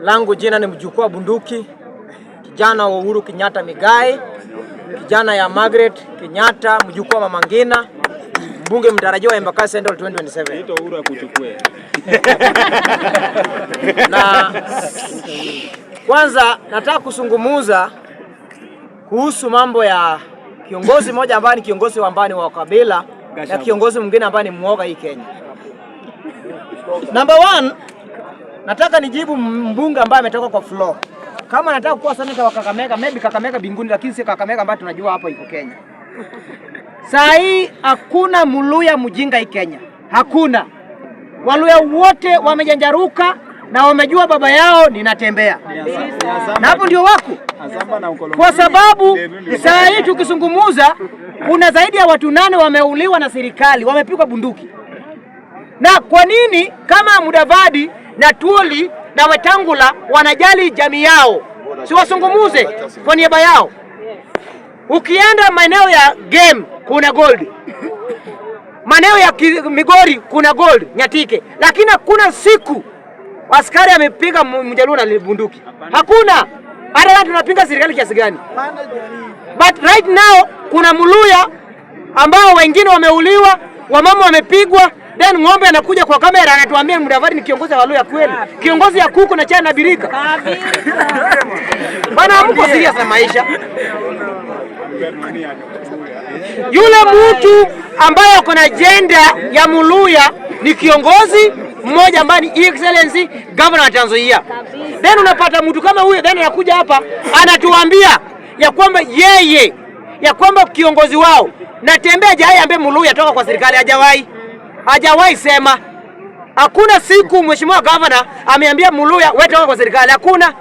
langu jina ni mjukuu wa bunduki, kijana wa Uhuru Kenyatta Migai, kijana ya Margaret Kenyatta, mjukuu wa Mama Ngina, mbunge mtarajiwa wa Embakasi Central 2027. Na kwanza nataka kusungumuza kuhusu mambo ya kiongozi mmoja ambaye ni kiongozi ambaye ni wa kabila na kiongozi mwingine ambaye ni mwoga hii Kenya. Number one, Nataka nijibu mbunge ambaye ametoka kwa floor. Kama nataka kuwa seneta wa Kakamega, maybe Kakamega binguni, lakini si Kakamega ambayo tunajua hapa iko Kenya. Saa hii hakuna muluya mjinga hii Kenya, hakuna. Waluya wote wamejanjaruka na wamejua baba yao ninatembea na hapo ndio wako, kwa sababu saa hii tukizungumuza, kuna zaidi ya watu nane wameuliwa na serikali, wamepigwa bunduki. Na kwa nini kama Mudavadi na Tuoli na Wetangula wanajali jamii yao, siwazungumuze kwa niaba yao. Ukienda maeneo ya game kuna gold, maeneo ya Migori kuna gold Nyatike, lakini hakuna siku askari amepiga mjaluo na bunduki, hakuna. Hata tunapinga serikali kiasi gani, but right now kuna muluya ambao wengine wameuliwa, wamama wamepigwa Then ng'ombe anakuja kwa kamera anatuambia Mudavadi ni kiongozi wa Waluya kweli. Kiongozi ya kuku na chai na birika. Bana mko serious na maisha. Yule mtu ambaye ako na agenda ya Muluya ni kiongozi mmoja ambaye ni excellency governor wa Tanzania. Then unapata mtu kama huyo then anakuja hapa anatuambia ya kwamba yeye ya kwamba kiongozi wao natembea jaye ambaye Muluya toka kwa serikali hajawahi hajawahi sema. Hakuna siku mheshimiwa gavana ameambia Muluya wete kwa serikali, hakuna.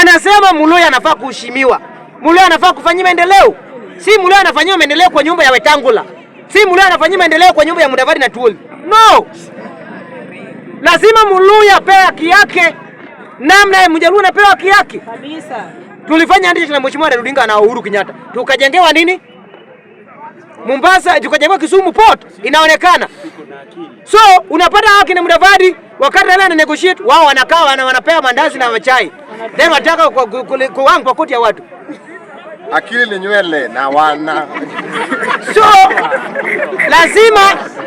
Anasema Muluya anafaa kuheshimiwa, Muluya anafaa kufanyia maendeleo, si Muluya anafanyia maendeleo kwa nyumba ya Wetangula, si Muluya anafanyia maendeleo kwa nyumba ya Mudavadi na Tuoli. No, lazima Muluya apewe haki yake, namna ya Mjaluo anapewa haki yake kabisa. Tulifanya andishi na mheshimiwa Raila Odinga na Uhuru Kenyatta, tukajengewa nini? Mombasa tukajagua Kisumu port inaonekana. So unapata hao na Mudavadi wakati ana negotiate wao wanakaa wana wanapewa mandazi na wachai Then wataka kuwangu kwa koti ya watu. Akili ni nywele na wana. So lazima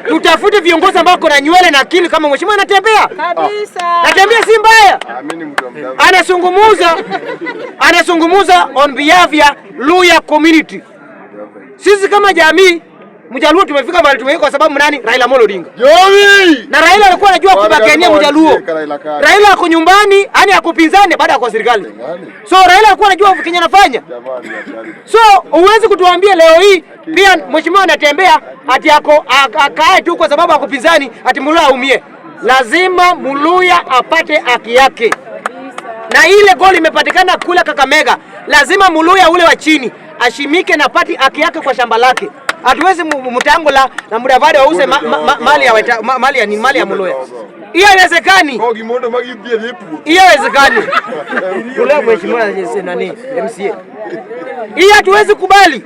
tutafute viongozi ambao kuna nywele na akili kama mheshimiwa anatembea. Kabisa. Ah. Natembea si mbaya. Ah, anazungumuza anazungumuza on behalf ya Luya community. Sisi kama jamii Mjaluo tumefika mahali tumefika kwa sababu nani? Raila Amolo Odinga. Joi! Na Raila alikuwa anajua kubakenia Mjaluo. Raila ako nyumbani, yani akupinzane baada ya kwa serikali. So Raila alikuwa anajua Kenya anafanya. So huwezi kutuambia leo hii pia mheshimiwa anatembea ati ako akae tu kwa sababu akupinzani ati mluya aumie. Lazima mluya apate haki yake. Na ile goli imepatikana kule Kakamega. Lazima mluya ule wa chini ashimike na pati haki yake kwa shamba lake. Hatuwezi mtangola na mudavadi wause ma, ma, ma, mali ya weta, ma, mali ya ni mali ya Muluya. Hiyo haiwezekani. Hiyo haiwezekani. Kule mheshimiwa nani MCA. Hiyo hatuwezi kubali.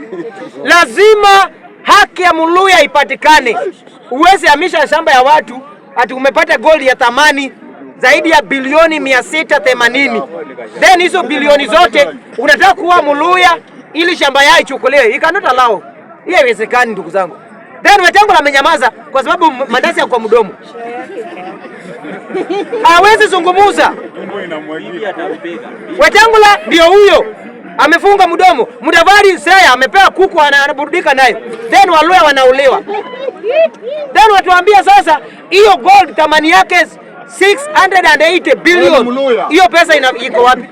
Lazima haki ya Muluya ipatikane. Uwezi hamisha shamba ya watu ati umepata gold ya thamani zaidi ya bilioni mia themanini then hizo bilioni zote unataka kuwa Muluya ili shamba yao ichukuliwe, ikanota lao. Hiyo haiwezekani ndugu zangu. Then Wetangula amenyamaza kwa sababu mandazi yako kwa mdomo hawezi zungumuza. Wetangula ndio huyo amefunga mdomo. Mudavadi Seya amepewa kuku, anaburudika naye, then Waluya wanauliwa. Then watuambia sasa, hiyo gold thamani yake 680 billion. Hiyo pesa ina, iko wapi?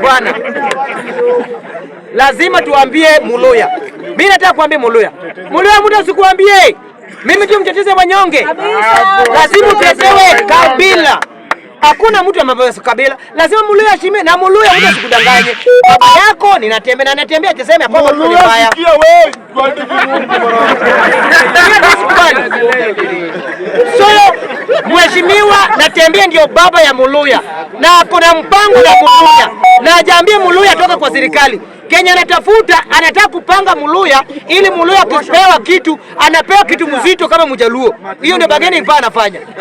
Bwana, lazima tuambie Muluya. Mimi nataka kuambia Muluya, Muluya muda usikuambie mimi tu mtetezi wanyonge, lazima utetewe kabila. Hakuna mtu ambaye si kabila, lazima Muluya shime na Muluya huja sikudanganye. Baba yako ninatembea na natembea, akisema kwamba ni mbaya natembea ndio baba ya Muluya na kuna mpango ya Muluya na ajaambie Muluya toka kwa serikali Kenya anatafuta, anataka kupanga Muluya ili Muluya kupewa kitu, anapewa kitu mzito kama Mjaluo. Hiyo ndio bageni ipaa anafanya.